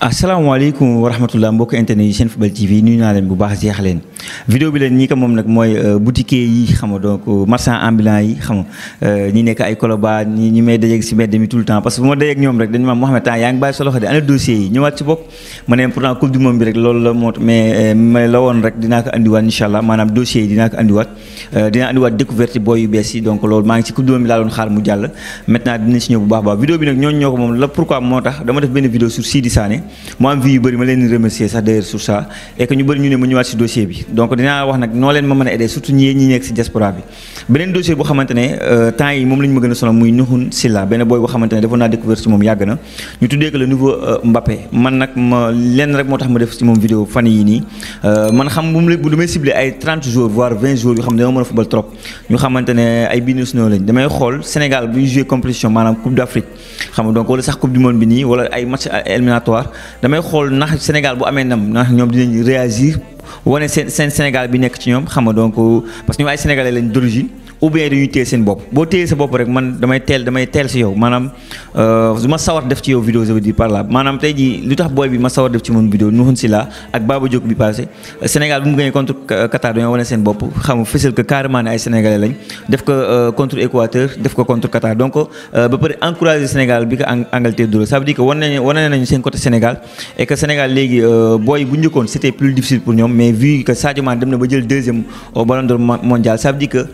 asalaamaaleykum wa rahmatulah mbokk internet yi seen Senfootball TV nuyu naa leen bu baax jeex leen vidéo bi leen ñi ko moom nag mooy euh, boutiquier yi xam nga donc euh, marchand ambulant yi xam euh, ñi nekk ay koloba ñi may dajeeg si mbedd mi tout le temps parce que bu ma dajeeg ñoom rek ah, la moo mais ma la woon rek dinaa ko andiwaat incha dinaa ko dinaa andiwaat découverte booy yu bees yi donc loolu maa ngi ci coupe du monde bi laa doon xaar mu jàll maintenant dina si ñëw bu baax baax vidéo bi nag ñooñu ñoo ko moom la pourquoi moo tax dama def benn vidéo sur Sidi am vie yu bëri donc dina wax nak no leen ma mën aider surtout ñi ñi nekk si diaspora bi benen dossier bu xamantene ne euh, temps yi mom la ma gëna solo muy Nuhun Silla benn booy boo xamante ne defoon naa découvrir si moom yàgg na ñu tuddé ko le nouveau euh, Mbappé man nak ma lenn rek motax ma def ci mom vidéo fan yii nii euh, man xam bu mu bu damay ciblé ay 30 jours voire 20 jours yu xam ne dama football trop ñu xamantene ay business no lañ damay xol Sénégal bu jouer compétition manam Coupe d'Afrique xam nga donc wala sax Coupe du Monde bi ni wala ay match éliminatoire damay xol ndax Sénégal bu amé nam ndax ñoom dinañ réagir wane seen seen Sénégal bi nekk ci ñoom xam nga donc parce que ñoom ay sénégalais lañ d'origine ou bien dañuy téye seen bopp boo téye sa bopp rek man damay teel damay teel si yow maanaam du euh, ma sawar def ci yow vidéo je veux dire par là maanaam tey jii lu tax booy bi ma sawar def ci moom vidéo Nouhoun Sylla ak Baba Diop bi passé Sénégal bu mu gagné contre seen bopp xam fësal que carrément ne ay sénégalais lañ def ko euh, ko contre Qatar donc euh, ba pare encouragé Sénégal bi ko Angleterre dóor ça veut dire que seen côté Sénégal et que Sénégal léegi booy bu njëkkoon c' était plus difficile pour ñoom mais vu que Sadio dem na ba jël deuxième au Ballon d'Or mondial ça veut dire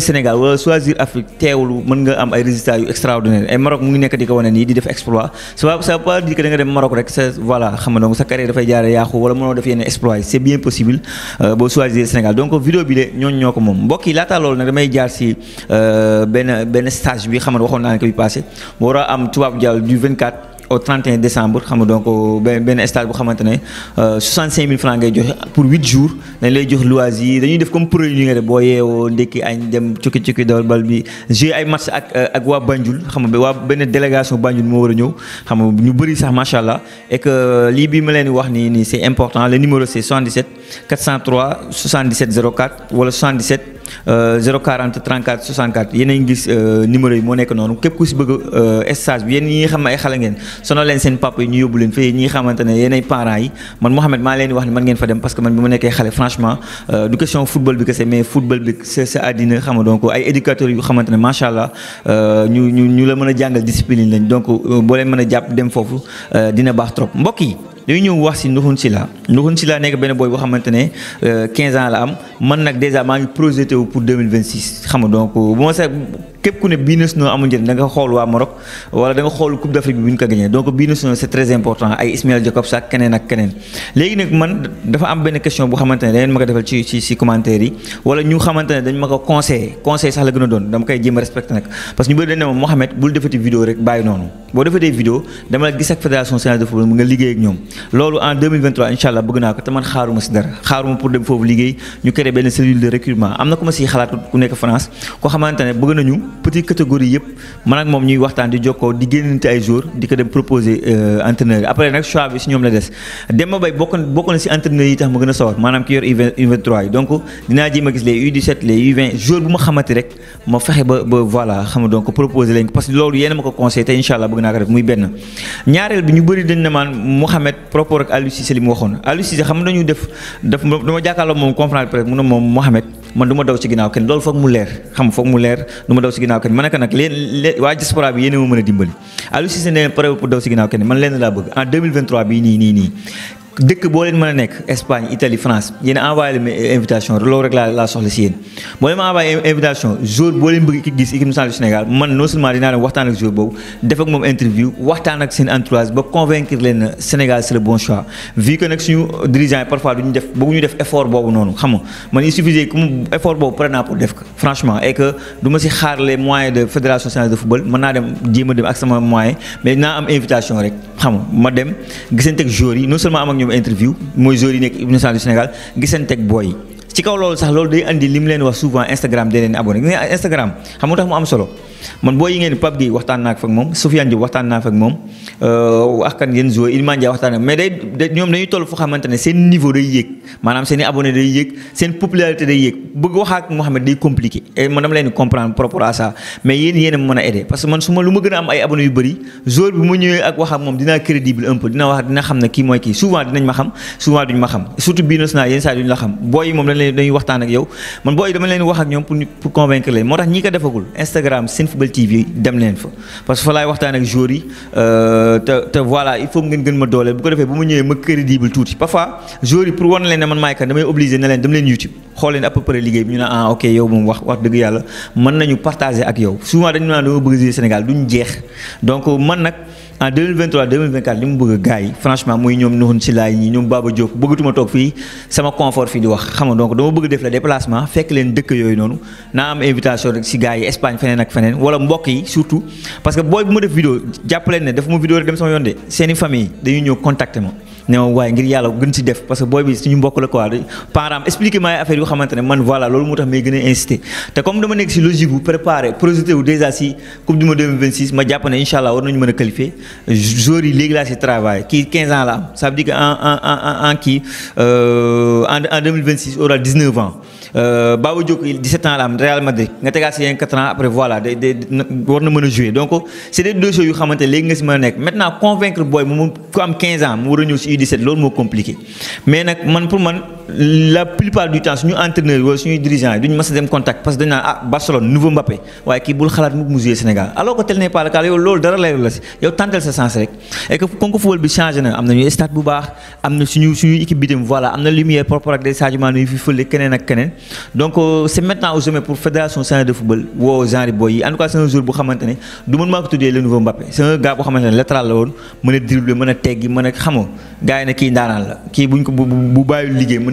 choisir Sénégal wala choisir Afrique teewul mën nga am ay résultats yu extraordinaire ay Maroc mu ngi nekk di ko wane nii di def exploit ça ça veut pas dire que da dem Maroc rek sa voilà xam sa carrière dafay jaare yaaxu wala mënoo def yenn exploit c' est bien possible euh, boo choisir Sénégal donc vidéo bi de ñooñu ñoo ko moom mbokk yi laataa nag damay jaar si euh, benn benn stage bi xam waxoon naa ne ko bi passé mu war a am tubaab jàll du 24 au 31 décembre xam donc ben, ben stage bu 65 000 euh, francs ngay pour 8 jours dañ lay jox loisir dañuy def comme projet yi nga def boo yeewoo ndékki añ dem cukki cukki dawal bal bi ay match ak euh, ak waa Banjul xam nga waa benn délégation Banjul moo war a ñëw xam nga ñu bëri sax macha et que euh, lii bi ma leen wax c'est important le numéro c'est 77 403 77 04 wala 77. 040 34 64 yéen a ngi gis euh, yi moo nekk euh, ay xale ngeen sonal leen seen papa yi ñu yóbbu leen fii ñi nga xamante ne yéen ay parents yi man Mouhamed maa leen wax ne man ngeen fa dem parce que man bi ma nekkee xale franchement euh, du question mais football bi c'est àddina xam donc ay éducateurs yu xamante ne macha allah ñu ñu ñu la mën a jàngal discipline lañ donc boo leen mën a jàpp dem foofu dina baax trop mbokk yi dañu ñëw wax pour 2026 képp ku ne bii national amul njëriñ da xool waa Maroc wala da nga xool d'Afrique bi bu ñu ko gagné donc bii national c'est très important ay Ismaël Jakobs ak keneen ak keneen léegi nag man dafa am benn question bu xamante ne defal ci ci ci commentaire yi wala ñu xamante ne ma ko conseillé conseil sax la gën a doon dama koy jéem a nag parce que ñu bëri dañ ne ma Mohamed bul defati vidéo rek bàyyi noonu boo defatee petite catégorie yëpp man ak moom ñuy waxtaan di joko di génnante ay jours di ko dem proposer euh entraîneur après nak choix bi si ñoom la des Demba Bay bokk na ci entraîneur yi tax ma gën sawar manam ki yor U23 donc dina ji ma gis les U17 les U20 jours bu ma xamante rek ma fexé ba voilà xam nga donc proposer leen parce que lolu yéen ma ko conseillé te incha allah bëgg naa ko def muy benn ñaarël bi ñu bëri dañ na man Mouhamed propos ak Aliou Cissé li mu waxoon Cissé xam nga dañu def dama jàkkaarloo mom conférence presse mu ne moom Mouhamed man duma ma daw si ginnaaw kenn loolu foog mu leer xam fokk mu leer duma daw si naa kenn ma ne ko nag leen waa diaspora bi yéen a ma mën dimbali Aliou Cissé ne pare pour daw si ginnaaw kenn man leen laa bëgg en 2023 bii nii nii nii dëkk boo leen mën a nekk Espagne Italie France yéen envoyé leen invitation loolu rek laa laa soxla si yéen boo leen ma envoyé invitation jour boo leen bëgg gis équipe nationale du Sénégal man non seulement dinaa leen waxtaan ak jour boobu def ak moom interview waxtaan ak seen entourage ba convaincre leen ne Sénégal c'est le bon choix vu que nag suñu dirigeant yi parfois duñu def bëgguñu def effort boobu noonu xam nga man il suffisait que mu effort boobu pare naa pour def ko franchement et que du ma si xaar les moyens de fédération sénégalaise de football mën naa dem jéem a dem ak sama moyen mais naa am invitation rek xam nga ma dem gisante ak joueurs yi non seulement am ak ñoom ñoom interview mooy joueurs nekk équipe nationale du Sénégal booy ci kaw loolu sax loolu day andi li mu leen wax souvent Instagram day leen abonné Instagram xam tax mu am solo. man boo yi ngeen Pape Gueye waxtaan naa fa moom Sofiane Diop waxtaan naa fa moom euh, ak kan yenn joueurs Iliman Ndiaye waxtaan mais mais yenn saa duñ la xam booy yi moom dañ waxtaan ak yow man booy dama leen wax ak ñoom pour pour convaincre moo tax ñi ko defagul Instagram seen football TV dem len fa parce que fa laay waxtaan ak joueurs yi euh, te te voilà il faut ngeen gën ma dolé bu ko defee bu ma ñëwé ma crédible touti parfois joueurs yi pour won leen ne man maay kan damay obligé né len dem len YouTube xool leen à peu près liggéey ñu na ah ok yow moom wax wax deug yalla man nañu partager ak yow souvent dañu naan do bëgg Sénégal duñ jeex donc man nak en 2023 2024 li mu bëgg gars yi franchement muy ñoom Nourou Sylla ñi ñoom Baba Diop bëggatuma toog fii sama confort fii di wax xam nga donc dama bëgg def la déplacement fekk leen dëkk yooyu noonu naa am invitation rek si gars yi Espagne feneen ak feneen wala mbokk yi surtout parce booy bu ma def vidéo jàpp leen ne dafa ma vidéo rek dem sama yoon de seeni famille dañuy ñëw contacter ma. ne ma waaye ngir yalla gën ci def parce que boy bi suñu mbokk la quoi parent expliqué ma affaire yu xamantene man voilà loolu motax may gën a incité te comme dama nekk ci logique bu préparé projeté wu déjà si coupe du monde 2026 ma japp né inshallah war nañu mëna qualifier joueurs yi légui la ci travail qui 15 ans là ça veut dire que en en en en qui euh en en 2026 aura 19 ans. Baba a 17 ans la Real Madrid Il tegaat si 4 ans après voilà de, de, war na jouer donc c'est des dossiers yu xamante ne léegi nga maintenant convaincre boy, mu ku am 15 ans mu war a 17 c'est compliqué mais nak, man pour man la plupart du temps nous entraîneurs, nous suñuy nous yi duñu mës dem contact parce que dañu naan ah Barcelone nouveau Mbappé waaye kii bul xalaat mu mu Sénégal alors que tel n'est pas le cas yow loolu dara leeru la si yow tàntal sa sens rek et que comme football bi changé na am nañu stade bu baax am na suñu équipe bi dem voilà am lumière propre ak des Sadio Mané yu fi fële keneen ak keneen donc euh, c'est maintenant au sommet pour fédération sénégalaise de football aux genre boy en tout cas c'est un jour bu xamante ne du man maa ko le nouveau Mbappé c'est un gars boo xamante latéral la woon mën a dribbler mën a teggi mën a gars yi ne dans le, la kii buñ ko bu bàyyul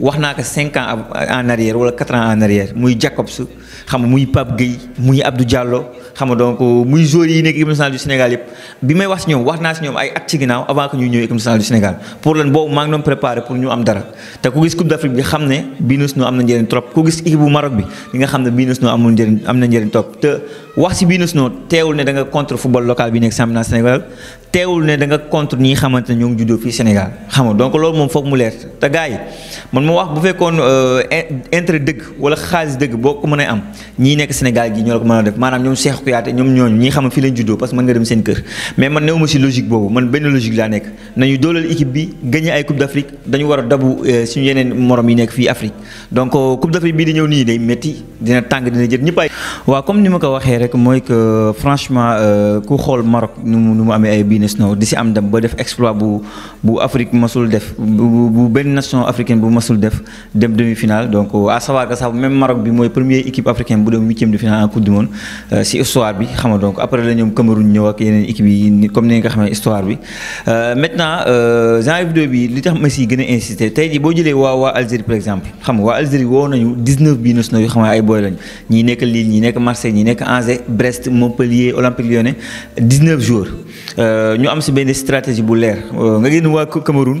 wax naa ko cinq ans en arrière wala quatre ans en arrière muy Jacobs xam muy paab Gueye muy Abdou Diallo xam nga donc muy joueurs yi nekk équipe nationale du Sénégal yëpp bi may wax si ñoom wax naa si ñoom ay at ci ginnaaw avant que ñuy ñëw équipe nationale du Sénégal pour bi xam ne bii nationaux wax si bii nationaux teewul fii Sénégal xam donc loolu moom foog mu leer te gars yi man ma wax bu fekkoon euh, intérêt dëgg wala xaalis dëgg boo ko mën a am ñii nekk Sénégal gi ñoo la ko mën a def maanaam ñoom seexu exploité ñom ñooñu ñi xam fi lañ juddoo parce que mën nga dem seen kër mais man néwuma ci logique bobu man benn logique la nek nañu dolal équipe bi gagné ay coupe d'Afrique dañu wara dabu euh, suñu yenen morom yi nek fi Afrique donc euh, coupe d'Afrique bi di ñëw ni day metti dina tang dina jët ay wa comme nima ko waxé rek moy que euh, franchement ku xol Maroc nu mu nu mu ay business no di ci am dem ba def exploit bu bu Afrique masul def bu ben nation africaine bu masul def dem demi-finale donc à savoir que ça même Maroc bi moy premier équipe africaine bu dem e de finale en coupe du monde ci histoire bi xam donc après la ñom Cameroun ñëw ak yeneen équipe yi comme ni nga xamé histoire bi euh, maintenant euh, Jean Yves bi li tax ma si gëna insister tey jii boo jëlee wa Algérie par exemple xam nga waa Algérie wo nañu 19 bii nous yoo xam ay booy lañ ñi nekk Lille ñi nekk Marseille ñi nekk Angers Brest Montpellier Olympique Lyonnais 19 jours euh, ñu am ci benn stratégie bu leer nga gën wa Cameroun.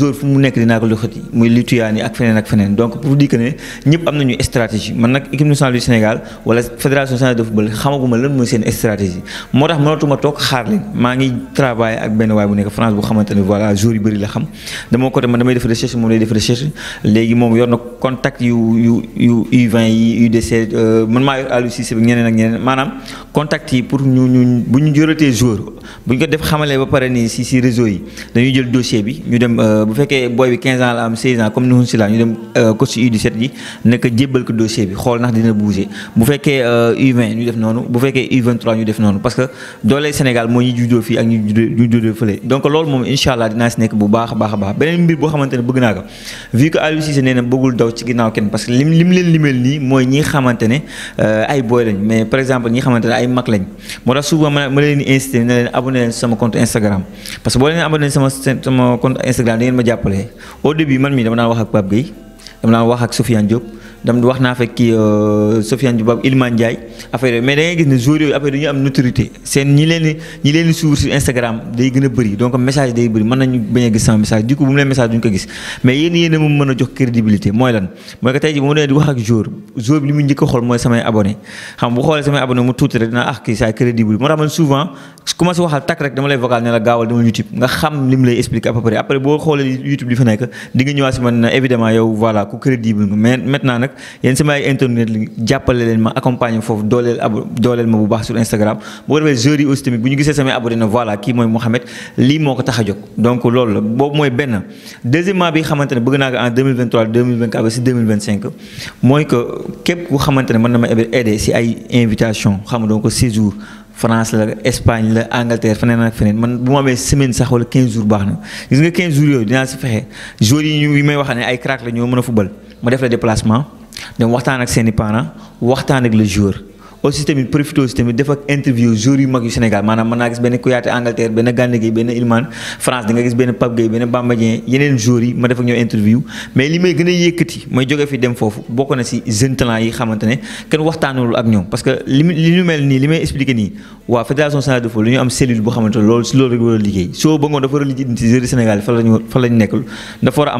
jour fu mu nekk dinaa ko loxati muy Lituanie ak feneen ak feneen donc pour dire que ne ñëpp am nañu stratégie man nag équipe nationale du Sénégal wala fédération sénégalaise de football xamaguma lan mooy seen stratégie moo tax mënatuma toog maa ngi travailler ak benn waay bu nekk France bu xamante ne voilà jour yu bëri la xam man damay def recherche moom lay def recherche léegi moom yor na contact yu yu yu U20 yi UDC euh, man maa yor Aliou Cissé bi ñeneen ak contact yi pour ñu ñu bu ñu jëratee joueur bu ñu ko def xamalee ba pare nii si si réseau yi dañuy jël dossier bi ñu dem euh, bu fekkee booy bi 15 ans la am 16 ans comme ni hun ñu dem euh, coach U17 yi nekk jébbal ko dossier bi xool ndax dina bouger bu fekkee euh, u ñu def noonu bu fekkee U23 ñu def noonu parce que Sénégal moo ñu juddoo fii ak ñu juddoo fële donc loolu moom incha allah dinaa si nekk bu baax a baax a baax beneen mbir boo xamante bëgg naa ko vu que Aliou Cissé nee bëggul daw ci ay ma leen abonner sama compte Instagram parce que boleh ni abonner sama sama compte Instagram ni macam apa leh? Oh, Odi biman mi, dah mula wahak babi, dah mula wahak Sofian Job. dam wax naa fa kii euh, Sofiane Diop ilman Iliman affaire mais da ngay gis ni jour yooyu après dañuy am notoriété sen ñi leen ñi leen sur Instagram day gëna bëri donc message day bëri mën nañu bañ a gis sama message du coup bu mu leen message duñ ko gis mais yeen yeen a moom mën jox crédibilité moy lan moy ko tay ji bu mu né di wax ak jour jour bi li mu njëkk a xool mooy samay abonné xam bu xoolee samay abonné mu tout rek dina ah ki sa crédible mo ramal souvent commencé waxal tak rek dama lay vocal né la gawal dama YouTube nga xam lim lay expliquer à peu près après bo xolé YouTube li fa nek di nga ñëwaat si man évidemment yow voilà ku crédible mais maintenant nag nag yéen samay internet li jàppale leen ma accompagner fofu dolel dolel ma bu baax sur Instagram bu ko defee joueurs aussi tamit buñu gissé sama abonné voilà kii moy Mouhamed li moko ko tax donc loolu bo moy ben benn deuxièmement bi xamantene ne bëgg naa en 2023 2024 ba si 2025 moy que képp ku xamantene man mën na ma aider ci ay invitation xam nga donc séjour France la Espagne la Angleterre feneen ak feneen man bu ma semaine sax wala 15 jours baax na gis nga 15 jours yooyu dinaa si fexe jours yi ñu may wax ne ay crack la ñoo mën football. fubal ma def la déplacement. dem waxtaan ak seeni i waxtaan ak la joueur aussi tamit profité aussi tamit def ak interview joueurs yu mag yu Sénégal maanaam mën naa gis benn Kouyaté a ne kenn waxtaanul ak ñoom parce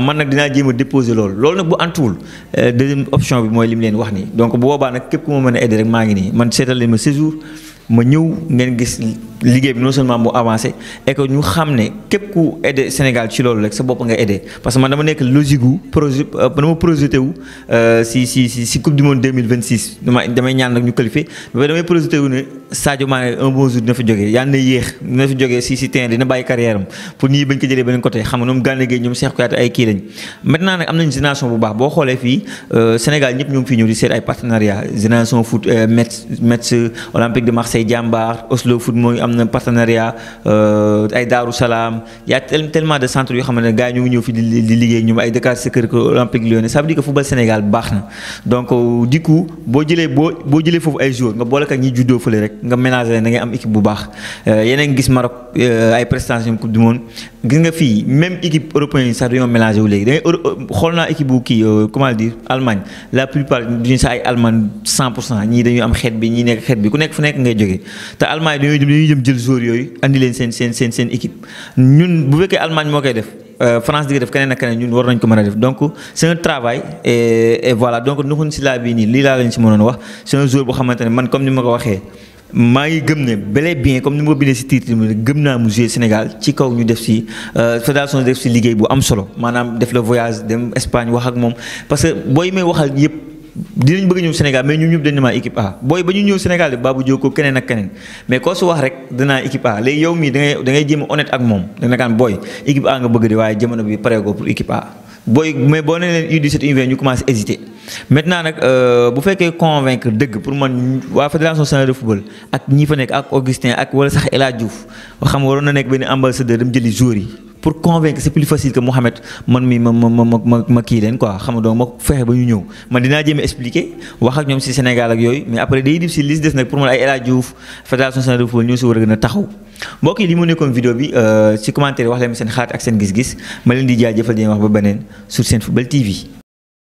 man nag dinaa jéem déposer loolu loolu nag bu antuwul euh, deuxième option bi mooy li leen wax nii donc bu képp ku ma mën a rek maa ngi nii man seetal ma séjour ma ñëw ngeen gis liggéey bi non seulement mu avancé et ñu xam ne képp ku aidé Sénégal ci loolu rek sa bopp nga aidé parce que man dama nekk logique wu projet euh, euh, si si si si coupe du monde 2026 dama damay ñaan nag ne Sadio Mané un bon jour dina fa jógee yàlla na yéex dina fa jógee si si terrain dina bàyyi carrière pour nii bañ ko jëlee beneen côté xam nga ñoom Gana Gueye ñoom Cheikh Kouyaté ay kii lañ maintenant nag am nañ génération bu baax boo xoolee fii euh, Sénégal ñëpp ñoo ngi fii ñëw di seet ay partenariat am na partenariat euh, ay Daaru Salaam y' a de centres yoo xam ne gars yi ñu ngi ñëw fi di di liggéey ñoom ay Dakar Sacré-Cœur Olympique Lyonnais ça veut dire euh, boo boo jëlee foofu ay joueurs nga boole ak ñi juddoo fële rek nga ménager da am équipe bu baax euh, yeneen gis Maroc ay prestations coupe du gis nga fii même équipe européenne yi sax dañoo wu léegi da xool naa équipe bu kii comment dire Allemagne la plupart duñu sax ay Allemagne 100 pour ñii dañuy am xeet bi ñii nekk xeet bi ku nekk fu nekk ngay jógee te Allemagne dañuy dem jël joueurs yooyu andi leen seen seen seen seen ñun bu fekkee Allemagne moo koy def euh, France di ko def keneen ak keneen ñun war nañ ko mën a def donc c'est un et voilà donc Ndoxalin Sylla bii nii lii laa leen si mënoon wax c'est un joueur boo man comme ni ma ko waxee. maa ngi gëm ne bel bien comme ni ma ko bindee si titre bi gëm naa mu Sénégal ci kaw ñu def si euh, fédération def si liggéey bu am solo maanaam def le voyage dem Espagne wax ak moom dinañ bëgg ñëw Sénégal mais ñu ñëpp dañ ne maa équipe A booy ba ñu ñëw Sénégal de Babou keneen ak keneen mais koo su wax rek danaa équipe A léegi yow mii da ngay jéem a honnête ak moom da nga naan booy équipe A nga bëgg di waaye jamono bi pare ko pour équipe A booy mais boo ne leen U17 U20 ñu commencé hésiter maintenant nag euh, bu fekkee convaincre dëgg pour man waa fédération sénégalaise de football ak ñi fa nekk ak Augustin ak wala sax El Hadj Diouf xam waroon na nekk benn ambassadeur dem jëli joueurs yi pour convaincre c'est plus facile que Mouhamed man mi ma ma ma kii leen quoi xam nga donc ma fexe ba ñu ñëw man dinaa jéem a wax ak ñoom si Sénégal ak yooyu mais après day dif si liste des nag pour man ay El Hadj Diouf fédération sénégalaise si war a gën a taxaw mbokk yi li mu nekkoon vidéo bi si euh, commentaire wax leen seen xalaat ak seen gis-gis ma leen di jaajëfal di wax ba beneen sur seen football TV.